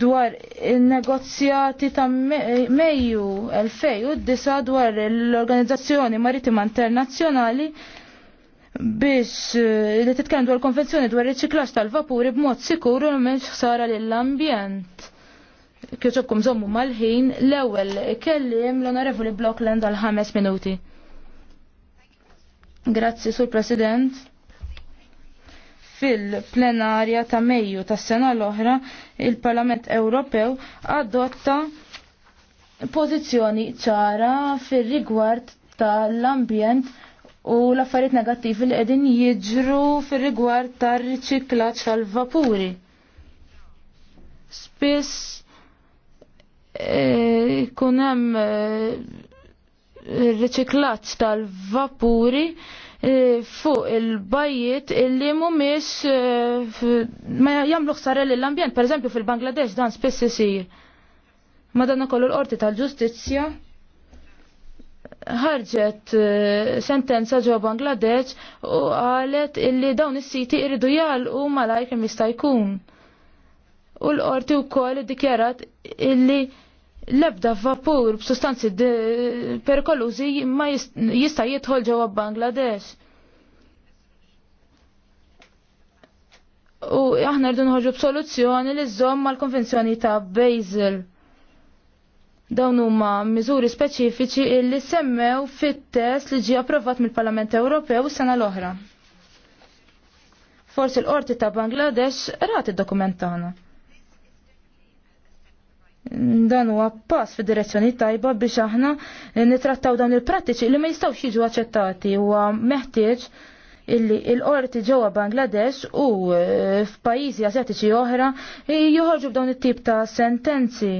dwar il-negozjati ta' Mejju 2009 dwar l-Organizzazzjoni Marittima Internazzjonali biex eh, li titkellem dwar konvenzjoni dwar riċiklaġġ tal-vapuri b'mod sikuru mhux ħsara lill-ambjent. Kieċobkom żommu mal-ħin l-ewwel kellim l-Onorevoli Blockland għal ħames minuti. Grazzi, Sur President fil-plenarja ta' Mejju tas sena l-oħra il-Parlament Ewropew adotta pożizzjoni ċara fil-rigward tal-ambjent u l-affarijiet negattivi li qegħdin jiġru fil-rigward tar-riċiklaġġ tal-vapuri. Spiss eh, ikun e, hemm eh, riċiklaġġ tal-vapuri eh, fuq il-bajiet illi mumis eh, ma jamluħ sarelli l-ambjent, per eżempju fil-Bangladesh dan spess isir. Madonna kollu l-qorti tal-ġustizzja ħarġet eh, sentenza ġo Bangladesh u qalet illi dawn is-siti irridu jalqu u kemm jista' jkun. U l-qorti wkoll iddikjarat illi l-ebda vapur b'sustanzi perikolużi ma jista' jidħol ġewwa Bangladesh. U aħna rridu nħoġu b'soluzzjoni li żomm mal-konvenzjoni ta' Basel. Dawn huma miżuri speċifiċi li semmew fit-test li ġie approvat mill-Parlament Ewropew is-sena l-oħra. Forsi l-qorti ta' Bangladesh rat id dokumentana Dan huwa pass fi direzzjoni tajba biex aħna nitrattaw dawn il-prattiċi li ma jistgħux jiġu aċċettati huwa meħtieġ illi il-qorti ġewwa Bangladesh u e, f'pajjiżi asjatiċi oħra e, joħorġu b'dawn it-tip ta' sentenzi.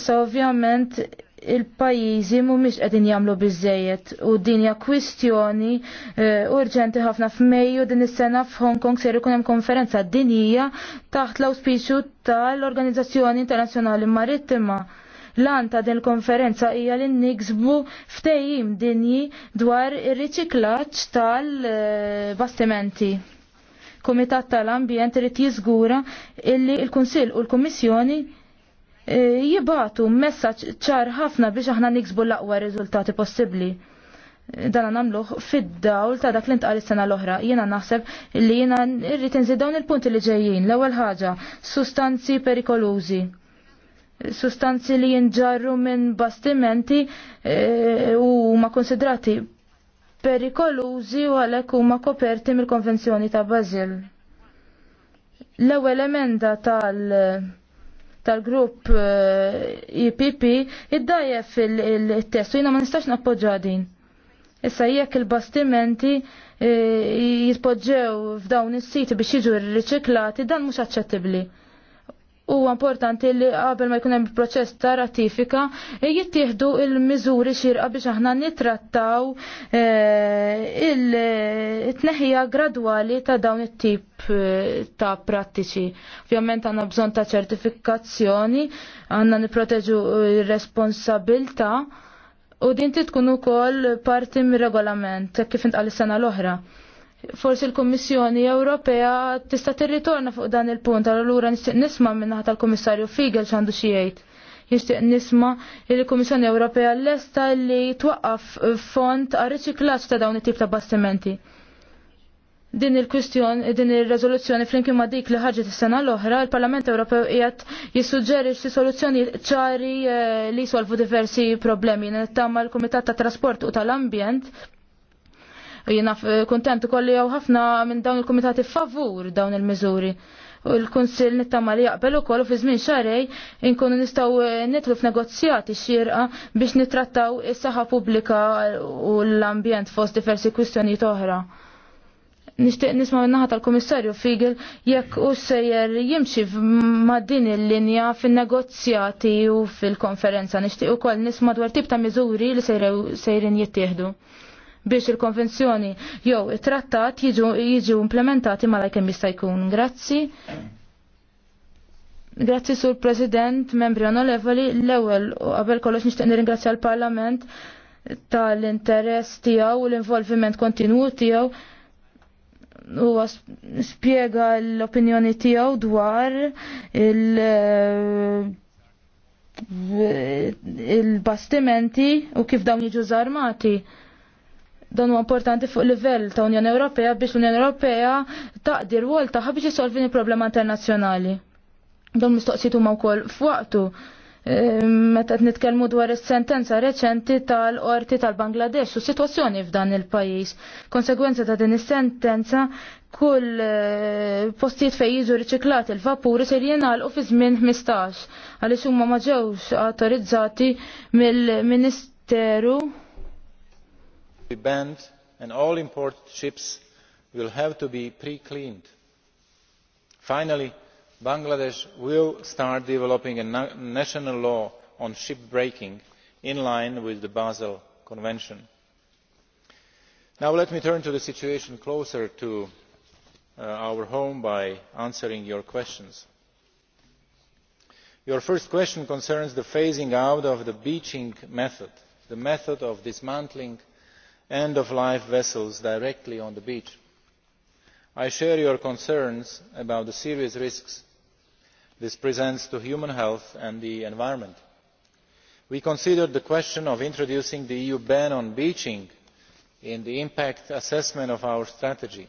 Issa ovvjament il-pajizi mumiex qegħdin jagħmlu biżejjed u dinja kwistjoni eh, urġenti ħafna f'Mejju din is-sena f'Hong Kong ser ikun hemm konferenza dinija taħt l-auspiċju tal-Organizzazzjoni Internazzjonali Marittima. Lan ta' din konferenza hija li niksbu ftehim dinji dwar ir-riċiklaġġ tal-bastimenti. Kumitat tal-Ambjent irid jiżgura illi l-Kunsill u l-Kummissjoni Eh, jibatu messaċ ċar ħafna biex aħna niksbu l-aqwa riżultati possibbli eh, dan namluħ fid-dawl ta' dak li ntqal is-sena l-oħra. Jiena naħseb li jiena irrid inżid dawn il-punti li ġejjin. L-ewwel ħaġa, sustanzi perikolużi. Sustanzi li jinġarru minn bastimenti eh, u ma konsidrati perikolużi u għalhekk huma koperti mill-Konvenzjoni ta' Basil. L-ewwel emenda tal- tal-grupp IPP eh, e iddajjef il testu u jina ma nistax nappoġġa din. Issa jekk il-bastimenti eh, jispoġġew f'dawn is-siti biex jiġu rriċiklati dan mhux aċċettibbli u importanti li qabel ma jkun hemm proċess ta' ratifika eh, jittieħdu il-miżuri xirqa biex aħna nitrattaw eh, il-tneħija gradwali ta' dawn it-tip eh, ta' prattiċi. Ovvjament għandna bżonn ta' ċertifikazzjoni, għandna nipproteġu r-responsabilta' u din tkun ukoll parti mir-regolament kif intqal is-sena l-oħra forsi l-Kommissjoni Ewropea tista' tirritorna fuq dan il-punt, allura nixtieq nisma' ħata tal-Kummissarju Figel x'għandu xi jgħid. Nixtieq nisma' li l-Kummissjoni Ewropea lesta li twaqqaf fond għar riċiklaġġ ta' dawn it-tip ta' bastimenti. Din il-kwistjon, din il-rezoluzzjoni flimkien ma' dik li ħarġet is-sena l-oħra, l parlament Ewropew qiegħed jissuġġeri xi soluzzjoni ċari eh, li jsolvu diversi problemi. Nittama l-Kumitat ta' Trasport u tal-Ambjent Jiena kuntent ukoll jew ħafna minn dawn il-kumitati favur dawn il-miżuri. U l-Kunsill nittama li jaqbel ukoll fi żmien xarej inkunu nistgħu eh, nitlu f'negozjati xirqa biex nitrattaw is-saħħa pubblika u l-ambjent fost diversi kwistjonijiet oħra. Nixtieq nisma' min-naħa tal-Kummissarju Figel jekk u sejjer jimxi ma' din il-linja fin-negozjati u fil-konferenza. Nixtieq ukoll nisma' dwar tip ta' miżuri li sejrin jittieħdu biex il-konvenzjoni jew it-trattat jiġu implementati lajkem jista' jkun. Grazzi. Grazzi sur President, membri onorevoli, l-ewwel qabel kollox nixtieq nirringrazzja l-Parlament tal-interess tiegħu u l-involviment kontinwu tiegħu huwa spjega l-opinjoni tiegħu dwar il- eh, il-bastimenti u kif dawn jiġu zarmati dan huwa importanti fuq livell ta' Unjoni Ewropea biex l-Unjoni Ewropea taqdi rwol tagħha biex isolvi problema internazzjonali. Dawn mistoqsijiet huma wkoll f'waqtu e, meta qed nitkellmu dwar is-sentenza reċenti tal-qorti tal-Bangladesh u sitwazzjoni f'dan il-pajjiż. Konsegwenza ta' din is-sentenza kull e, postijiet fejn jiġu riċiklat il-vapuri se jingħalqu fi żmien 15 għaliex huma ma ġewx awtorizzati mill-Ministeru be banned and all imported ships will have to be pre cleaned. finally bangladesh will start developing a national law on ship breaking in line with the basel convention. now let me turn to the situation closer to uh, our home by answering your questions. your first question concerns the phasing out of the beaching method the method of dismantling end of life vessels directly on the beach. i share your concerns about the serious risks this presents to human health and the environment. we considered the question of introducing the eu ban on beaching in the impact assessment of our strategy.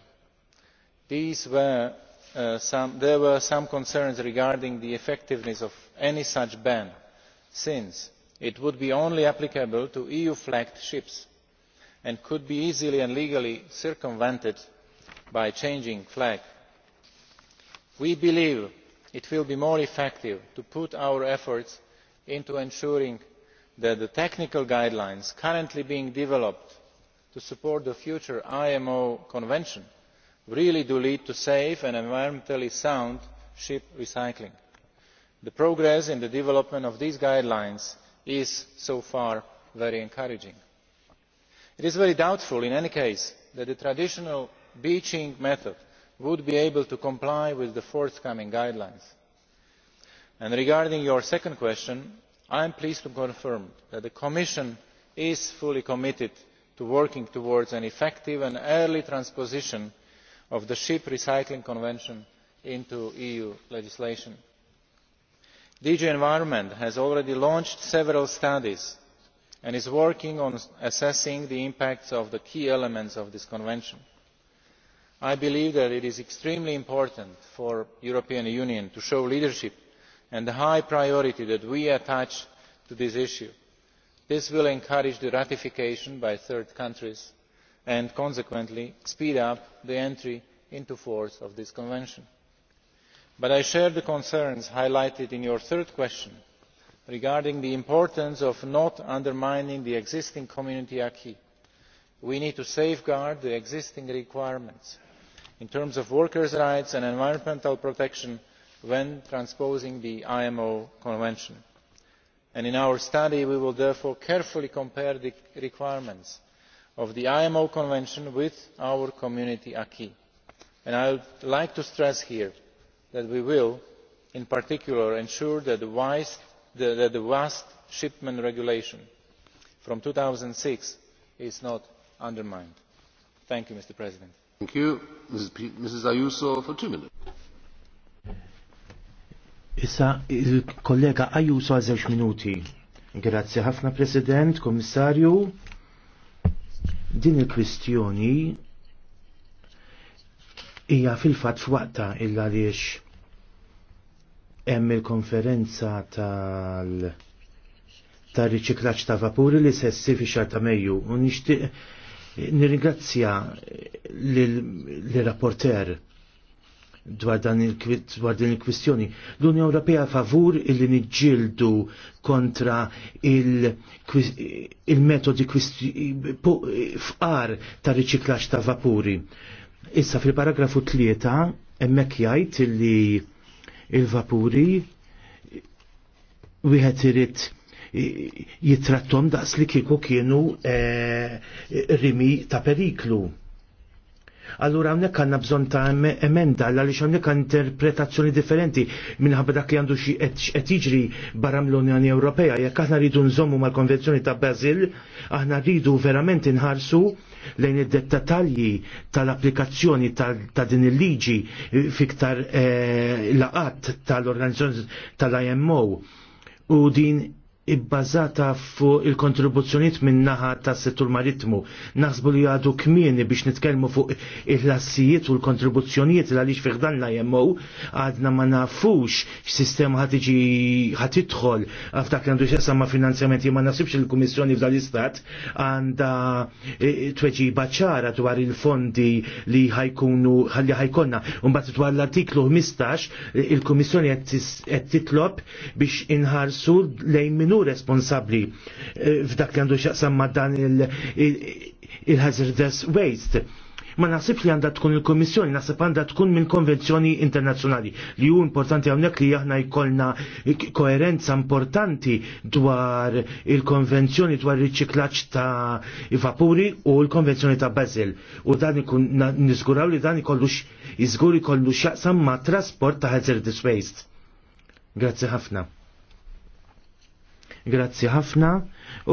These were, uh, some, there were some concerns regarding the effectiveness of any such ban since it would be only applicable to eu flagged ships and could be easily and legally circumvented by changing the flag. we believe it will be more effective to put our efforts into ensuring that the technical guidelines currently being developed to support the future imo convention really do lead to safe and environmentally sound ship recycling. the progress in the development of these guidelines is so far very encouraging it is very doubtful in any case that the traditional beaching method would be able to comply with the forthcoming guidelines. And regarding your second question i am pleased to confirm that the commission is fully committed to working towards an effective and early transposition of the ship recycling convention into eu legislation. dg environment has already launched several studies and is working on assessing the impact of the key elements of this convention. i believe that it is extremely important for the european union to show leadership and the high priority that we attach to this issue. this will encourage the ratification by third countries and consequently speed up the entry into force of this convention. but i share the concerns highlighted in your third question regarding the importance of not undermining the existing community acquis. we need to safeguard the existing requirements in terms of workers' rights and environmental protection when transposing the imo convention and in our study we will therefore carefully compare the requirements of the imo convention with our community acquis. i would like to stress here that we will in particular ensure that the wise the, the vast shipment regulation from two thousand and six is not undermined. thank you mr president. thank you. Mrs. Ayuso for two minutes. Issa il-kollega Ayuso għal żewġ minuti. Grazzi ħafna President, Komissarju. Din il-kwistjoni hija fil-fatt f'waqta illa għaliex hemm il-konferenza tal ta' riċiklaċ ta' vapuri li se fi xar ta' Mejju u nixtieq nirringrazzja l-rapporter dwar dan il-kwistjoni. l unjoni Ewropea favur illi niġġieldu kontra il-metodi fqar ta' riċiklaċ ta' vapuri. Issa fil-paragrafu 3 hemmhekk jgħid illi il-vapuri wieħed irid jitrattom daqs li kieku kienu eh, rimi ta' periklu. Allura hawnhekk għandna bżonn ta' emenda għaliex hawnhekk interpretazzjoni differenti minħabba dak li għandu xi qed jiġri barra mill-Unjoni Ewropea. Jekk aħna rridu nżommu mal-Konvenzjoni ta' Bazil, aħna rridu verament inħarsu lejn id dettatalji tal-applikazzjoni ta' din il-liġi fiktar eh, laqat tal organizzjoni tal-IMO u din ibbażata fuq il-kontribuzzjoniet minn naħa tas settur maritmu. Naħsbu li għadu kmieni biex nitkellmu fuq il-lassijiet u l-kontribuzzjonijiet li għalix fiħdan la jemmu, għadna ma nafux x-sistema ħatiġi ħatitħol għaftak għandu xessa ma finanzjamenti ma nasibx il-Kummissjoni f'dan l-Istat għanda e, tweġi baċara dwar il-fondi li ħajkunu ħalli ħajkonna. Umbat dwar l-artiklu 15 il-Kummissjoni qed titlob biex inħarsu lejn minu kunu responsabli eh, f'dak li għandu xaqsam ma' dan il-hazardous waste ma nasib li għandha tkun il-Komissjoni, nasib għandha tkun minn konvenzjoni internazzjonali li hu importanti hawnhekk li aħna jkollna koerenza importanti dwar il-konvenzjoni dwar riċiklaġġ ta' vapuri u l-konvenzjoni ta' Basel. U dan ikun niżguraw li dan ikollux jiżgur ikollu x'jaqsam ma' trasport ta' hazardous waste. Grazzi ħafna. Grazzi ħafna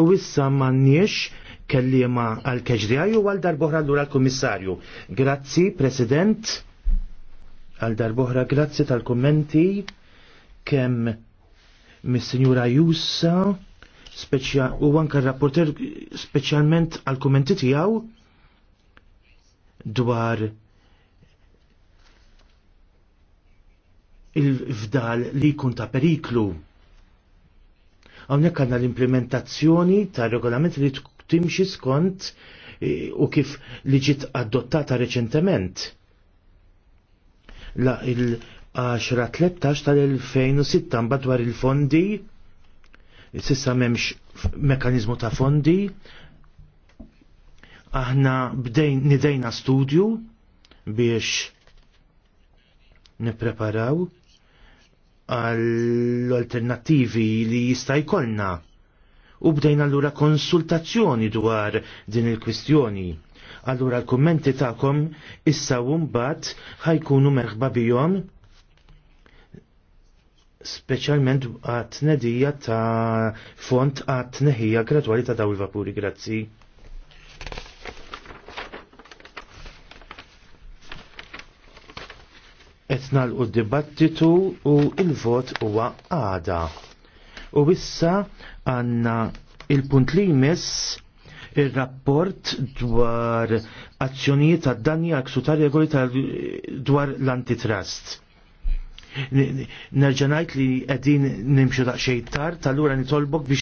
u issa m'għandniex kellima għal keġdijaj u għal darbohra l-ura l-Komissarju. Grazzi, President, għal darbohra grazzi tal-kommenti kem mis-Sinjura Jussa speċja u għanka rapporter speċjalment għal kommenti tiegħu dwar il-fdal li jkun ta' periklu Hawnhekk għandna l-implementazzjoni tar-regolament li timxi skont e, u kif li ġiet adottata reċentement. La il-10-13 tal-2006 mbagħad dwar il-fondi sissa memx mekanizmu ta' fondi aħna bdejn nidejna studju biex nipreparaw għall-alternativi li jista' jkollna. U bdejna allura konsultazzjoni dwar din il-kwistjoni. Allura l-kummenti tagħkom issa u mbagħad ħajkunu merħba bihom specialment għat-tnedija ta' font għat neħija gradwali ta' daw il-vapuri, grazzi. etnal u dibattitu u il-vot huwa għada. U issa għanna il-punt li jmiss il-rapport dwar azzjonijiet ta' danni għaksu ta' regoli ta' dwar l-antitrust. Nerġanajt li għedin nimxu daqxej tar, tal-ura nitolbok biex